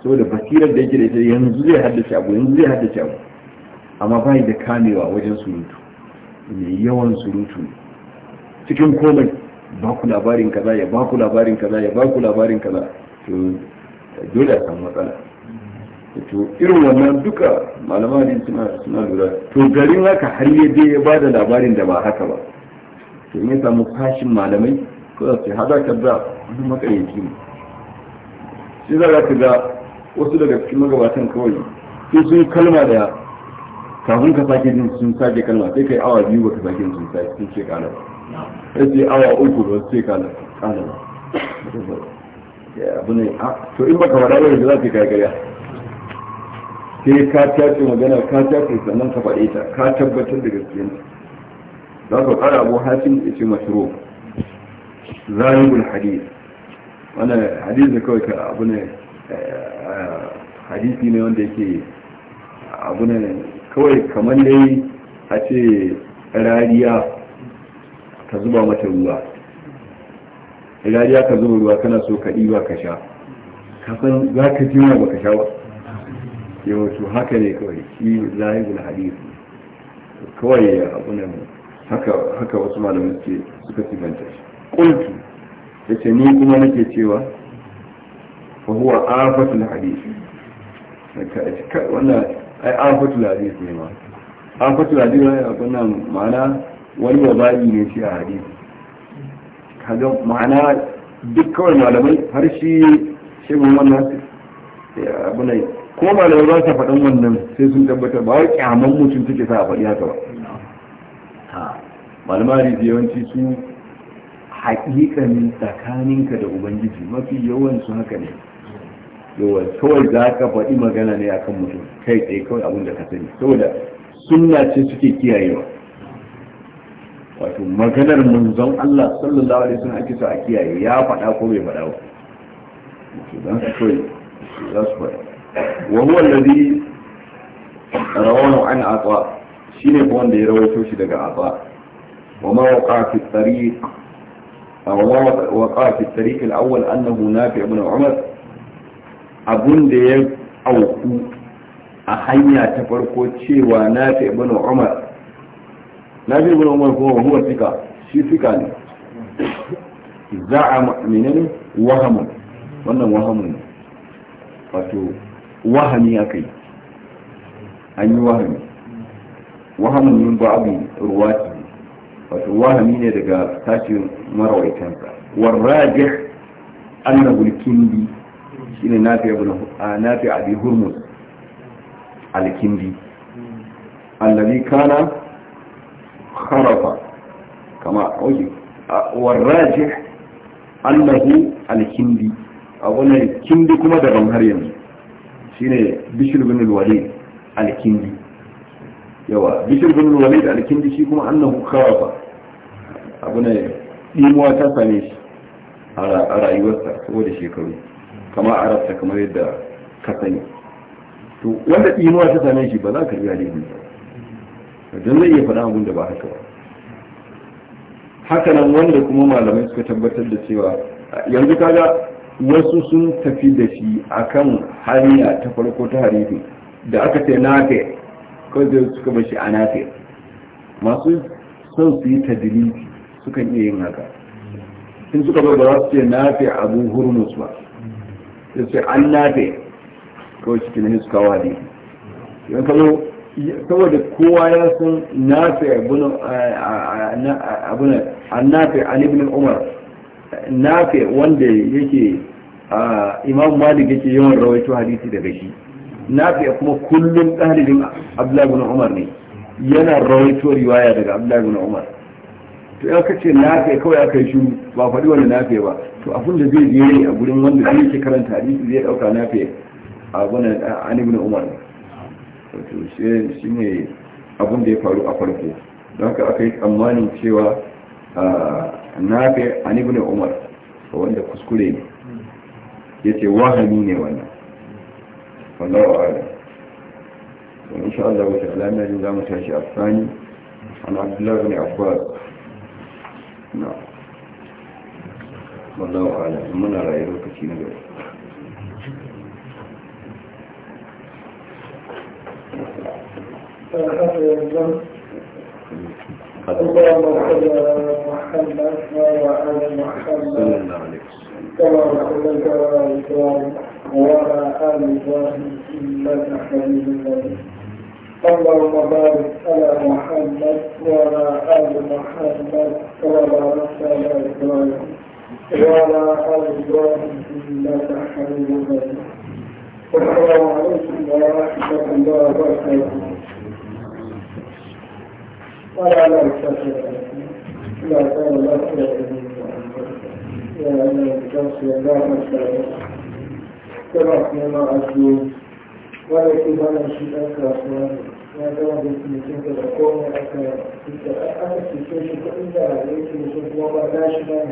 saboda basirar da yake da ita yanzu zai haddace abu yanzu zai haddace abu amma ba da kamewa wajen surutu mai yawan surutu cikin komai ba ku labarin kaza ya ba ku labarin kaza ya ba ku labarin kaza to dole a samu matsala to irin wannan duka malamanin suna suna lura to garin haka har ya je ya ba da labarin da ba haka ba to in ya samu fashin malamai ko za su hada kaza wani makayyaci ne shi za ka ga wasu daga cikin magabatan kawai sai sun kalma da kafin ka sake jin sun sake kalma sai kai awa biyu baka sake sun sake sun ce kala ba sai sai awa uku ba sai kala kala ba abu ne a to in baka faɗa wani da za ka kai karya sai ka tace magana ka tace sannan ka faɗe ta ka tabbatar da gaskiyar za ka fara abu hasim ya ce mashiro zalibul hadith wannan hadith da kawai ka abu ne hadisi ne wanda yake abu ne kawai kamar dai a ce rariya ka zuba mata ruwa rariya ka zuba ruwa kana so ka ɗiba ka sha kasan za ka ji ba ka sha ba yau to haka ne kawai shi zahibul hadisi kawai abu ne haka wasu malamai suka siganta shi Kulki, ya ce ni kuma nake cewa فهو آفة الحديث hadith wannan ai afatul hadith ne ma afatul hadith ne abin nan ma'ana wani wabali ne shi a hadith kaga ma'ana duk kawai malamai har shi shi mun wannan abu ne ko malamai ba sa faɗan wannan sai sun tabbatar ba wai kyaman mutum take sa a faɗi haka ba malamai yawanci su haƙiƙanin tsakaninka da ubangiji mafi yawan su haka ne yawa kawai za ka faɗi magana ne akan mutum kai tsaye kawai abin da ka sani saboda sunna ce suke kiyayewa wato maganar manzon Allah sallallahu alaihi wasallam ake so a kiyaye ya faɗa ko bai faɗa ba to dan kawai za su faɗa wa huwa alladhi rawahu an ata shine ko wanda ya rawaito shi daga ata wa ma waqa fi tariq أو وقع في الطريق الأول أنه نافع بن عمر abun da ya auku a hanya ta farko cewa na fi ibn umar na fi ibn umar kuma huwa fika shi fika ne a menene wahamun wannan wahamun ne wato wahami kai an yi wahami wahamun abin ruwa ce wato wahami ne daga tashin marawaitansa warrajih annahu al shine nafi ibn nafi abi hurmuz al-kindi alladhi kana kharafa kama oji warrajih annahu al-kindi a wannan kindi kuma daban har yanzu shi ne ibn bin walid al-kindi yawa bishr bin al da al-kindi shi kuma annahu kharafa abu ne dimuwa ta same shi a rayuwarsa saboda shekaru kamar a rasa kamar yadda ka sani to wanda tsinuwa ta same shi ba za ka riga daidai ba don zai iya faɗa abin da ba haka ba haka nan wanda kuma malamai suka tabbatar da cewa yanzu kaga wasu sun tafi da shi akan hanya ta farko ta harifi da aka ce nafe kawai zai suka bashi a nafe masu son su yi tadilifi sukan iya yin haka in suka bai ba za su ce nafe abu hurmus ba sai sai an nafe kawai cikin hiskawa ne yan saboda kowa ya san nafe abin an nafe an ibn umar nafe wanda yake imam malik yake yawan rawaito hadisi daga shi nafe kuma kullum ɗalibin abdullahi ibn umar ne yana rawaito riwaya daga abdullahi ibn umar to ya kace nafe kawai aka yi shi ba faɗi wani nafe ba to abin da zai je a gurin wanda zai ke karanta hadisi zai dauka na fi a gwana an ibn umar to shi ne abin da ya faru a farko don haka aka yi tsammanin cewa na fi an ibn umar wanda kuskure ne ya ce wahami ne wannan wallahu a'lam to insha Allah wa ta'ala na jin za mu tashi a tsani an abdullahi bin abbas na'am wallahu ala muna rayu lokaci na gari اللهم صل على محمد وعلى آل محمد كما صليت على ابراهيم وعلى ال محمد انك حميد اللهم بارك على محمد وعلى ال محمد وعلى آل إبراهيم إنك حميد مجيد والسلام عليكم ورحمة الله وبركاته وعلى آل إبراهيم لا كان لا يا أنا بشخص لا مسألة كما كنا عزيز ولكن أنا شيئا كرسمان ما دام باسم كنت بقوم أكثر أنا في كل شيء إلا عليك وشوف وما لا شمال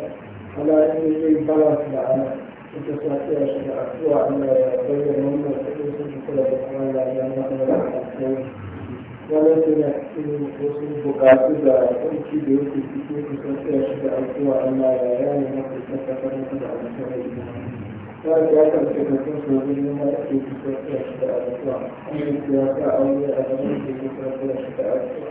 ala ba a da a suka sa tsaye shi da asuwa inda ya bayyana wannan kudin sun fi kula da kuma lafiya na kuma da asuwa wani sun ya fi yin wasu bukatu da kwanci da yake fito su sun tsaye shi da asuwa amma ya yana na kuma sun fi kula da asuwa da ina ta yi ya karfe da sun fi wani nuna da ke fito tsaye shi da asuwa amma ya fi ya sa auni a zama da ke fito tsaye shi da asuwa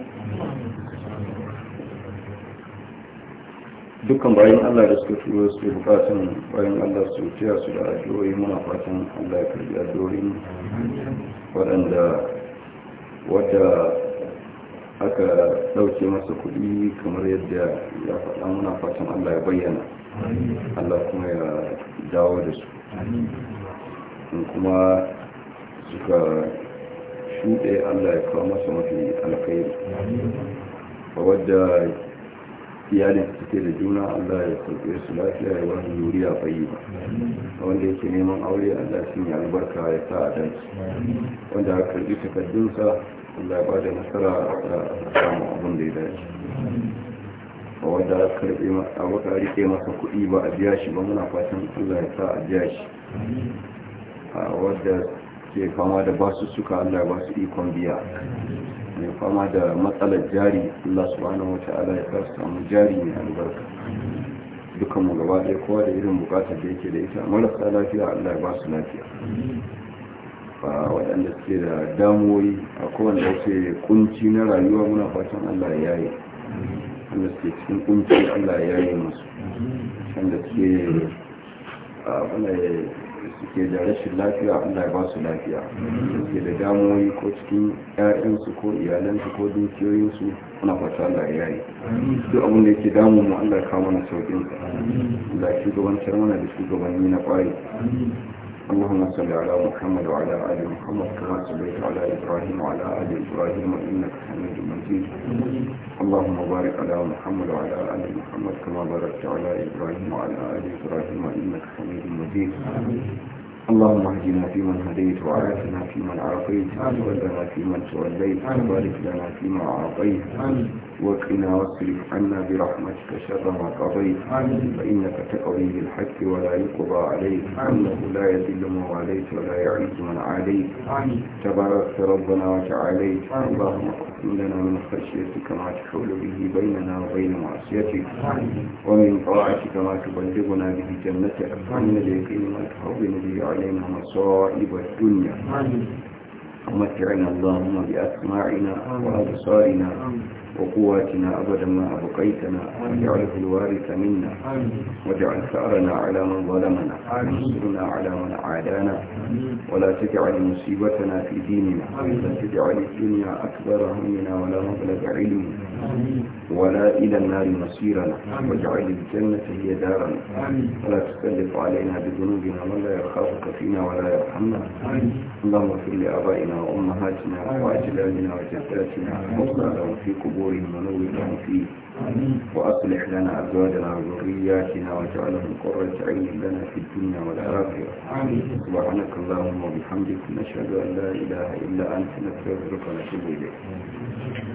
dukkan bayan Allah da suka turo su bukatan bayan Allah su tiya su da addu'o'i muna fatan Allah ya karbi addu'o'in waɗanda wata aka ɗauke masa kuɗi kamar yadda ya faɗa muna fatan Allah ya bayyana Allah kuma ya dawo da su in kuma suka shuɗe Allah ya kawo masa mafi alkhairi wadda iyalin suke da juna Allah ya sauke su lafiya ya wani a bayi ba wanda yake neman aure Allah shi ya albarka ya sa a dan wanda aka karbi takardunsa Allah ya bada nasara a samun abin da ya dace wanda aka karbi a wata rike masa kuɗi ba a biya shi ba muna fatan Allah ya sa a biya shi A wanda ke fama da basu suka Allah ya basu ikon biya mai fama da matsalar jari Allah subhanahu wata'ala ya kar samu jari mai albarka dukan mu gaba ɗaya kowa da irin bukatar da yake da ita marasa lafiya Allah ya ba su lafiya waɗanda suke da damuwoyi a kowane wace kunci na rayuwa muna fatan Allah ya yi wanda suke cikin kunci Allah ya yi masu wanda suke suke da rashin lafiya Allah ya ba su lafiya suke da damuwoyi ko cikin ƴaƴansu ko iyalansu ko dukiyoyinsu ana fata Allah ya yi. duk abin da yake damu mu Allah ya kawo mana saukin sa Allah shugabantar mana da shugabanni na ƙwari اللهم صل على محمد وعلى آل محمد كما صليت على إبراهيم وعلى آل إبراهيم إنك حميد مجيد اللهم بارك على محمد وعلى آل محمد كما باركت على إبراهيم وعلى آل إبراهيم إنك حميد مجيد اللهم اهدنا فيمن هديت وعافنا فيمن عافيت وتولنا فيمن توليت وبارك لنا فيما أعطيت وقنا واصرف عنا برحمتك شر ما قضيت فإنك تقضي بالحق ولا يقضى عليك إنه لا يذل من عليك ولا يعز من عليك تبارك ربنا وتعاليت اللهم اقسم لنا من خشيتك ما تحول به بيننا وبين معصيتك ومن طاعتك ما تبلغنا به جنتك ومن اليقين ما تهون به علينا مصائب الدنيا ومتعنا اللهم بأسماعنا وأبصارنا وقواتنا أبدا ما أبقيتنا واجعله الوارث منا واجعل ثأرنا على من ظلمنا وانصرنا على من عادانا ولا تجعل مصيبتنا في ديننا ولا تجعل الدنيا أكبر همنا ولا مبلغ علمنا ولا إلى النار مصيرنا واجعل الجنة هي دارنا ولا تكلف علينا بذنوبنا من لا يخافك فينا ولا يرحمنا اللهم اغفر لآبائنا وأمهاتنا وأجلالنا وجداتنا وقرأ في قبورنا قبورهم ونور فيه وأصلح لنا أزواجنا وذرياتنا واجعلهم قرة عين لنا في الدنيا والآخرة سبحانك اللهم وبحمدك نشهد أن لا إله إلا أنت نستغفرك ونتوب إليك